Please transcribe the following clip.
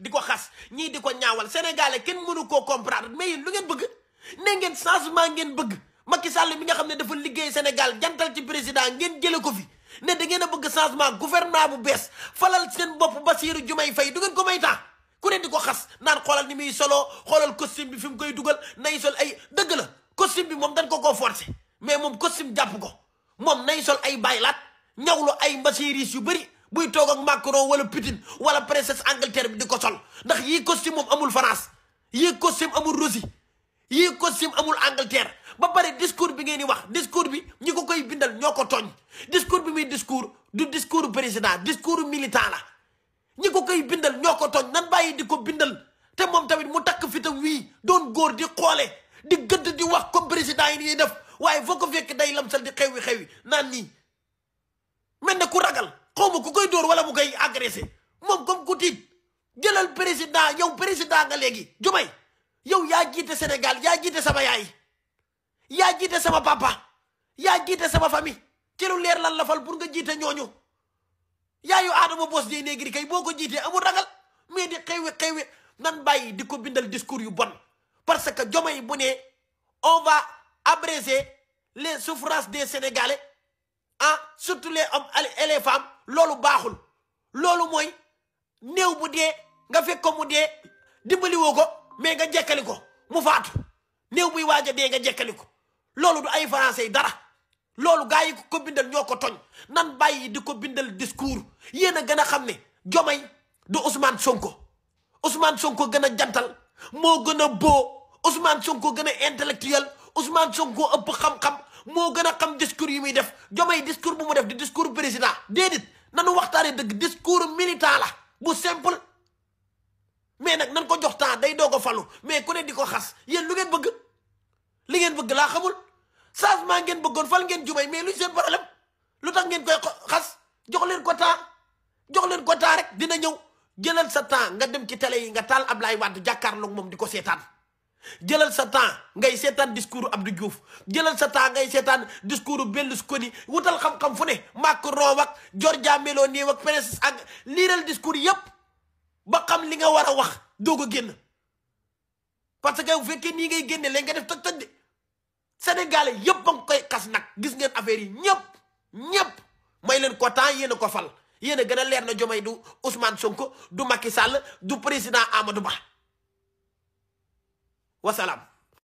di ko xas ñii di ko ñaawal sénégalais kenn mënu koo comprendre mais lu ngeen bëgg ne ngeen changement ngeen bëgg Macky Sall mi nga xam ne dafa liggéey Sénégal jantal ci président ngeen jële ko fi ne da ngeen a bëgg changement gouvernement bu bees falal seen bopp Bassirou Diomaye fay du ngeen ko may temps ku ne di ko xas naan xoolal ni muy solo xoolal costume bi fi mu koy dugal nay sol ay dëgg la costume bi moom dañ ko koo forcé mais moom costume jàpp ko moom nay sol ay baylaat ñawlu ay mbasiris yu bëri buy toog ak Macron wala Poutine wala princesse Angleterre bi di ko sol ndax yii costume moom amul France yii costume amul Russie yii costume amul Angleterre ba pare discours bi ngeen di wax discours bi ñi ko koy bindal ñoo ko tooñ discours bi muy discours du discours président discours militant la ñi ko koy bindal ñoo ko tooñ nan bàyyi di ko bindal te moom tamit mu takk fitam wii doon góor di xoole di gëdd di wax comme président yi ñuy def waaye foo ko fekk day lamsal di xewi xewi naan nii mel ne ku ragal xaw ko koy dóor wala mu koy agressé moom comme ku tiit jëlal président yow président nga léegi Diomaye yow yaa jiite Sénégal yaa jiite sama yaay yaa jiite sama papa yaa jiite sama famille ci leer lan la fal pour nga jiite ñooñu yaayu Adama Boss dey Negri kay boo ko jiitee amul ragal mais di xewi xewi nan bàyyi di ko bindal discours yu bon parce que Diomaye bu ne on va abréger les souffrances des Sénégalais ah surtout les hommes et loolu baaxul loolu mooy néew bu dee nga fekk ko mu dee dimbali woo ko mais nga jekkali ko mu faatu néew buy waaj a dee nga jekkali ko loolu du ay français yi dara loolu gaa yi ko bindal ñoo ko toñ nan bàyyi di ko bindal discours yéen a gën a xam ne Diomaye du Ousmane Sonko Ousmane Sonko gën a jantal moo gën a boo Ousmane Sonko gën a intellectuel Ousmane Sonko ëpp xam-xam moo gën a xam discours yi muy def Diomaye discours bu mu def di discours président déedéet nanu waxtaanee dëgg discours militant la bu simple mais nag nan ko jox temps day doog a falu mais ku ne di ko xas yéen lu ngeen bëgg li ngeen bëgg laa xamul changement ngeen bëggoon fal ngeen jubay mais luy seen lem lu tax ngeen koy xas jox leen ko temps jox leen ko temps rek dina ñëw jëlal sa temps nga dem ci télé yi nga taal Ablaye Wade jàkkaarloog moom di ko seetaan. jëlal sa temps ngay seetaan discours Abdou Diouf jëlal sa temps ngay seetaan discours Berlusconi wutal xam-xam fu ne Macron ak Giorgia Meloni ak Pérez ak liiral discours yépp ba xam li nga war a wax doog a génn parce que bu fekkee nii ngay génne léegi nga def toj toj de sénégalais yépp a ngi koy kas nag gis ngeen affaire yi ñépp ñépp may leen ko temps yéen ko fal yéen gën a leer na Diomaye du Ousmane Sonko du Macky Sall du président Amadou Ba wasalaam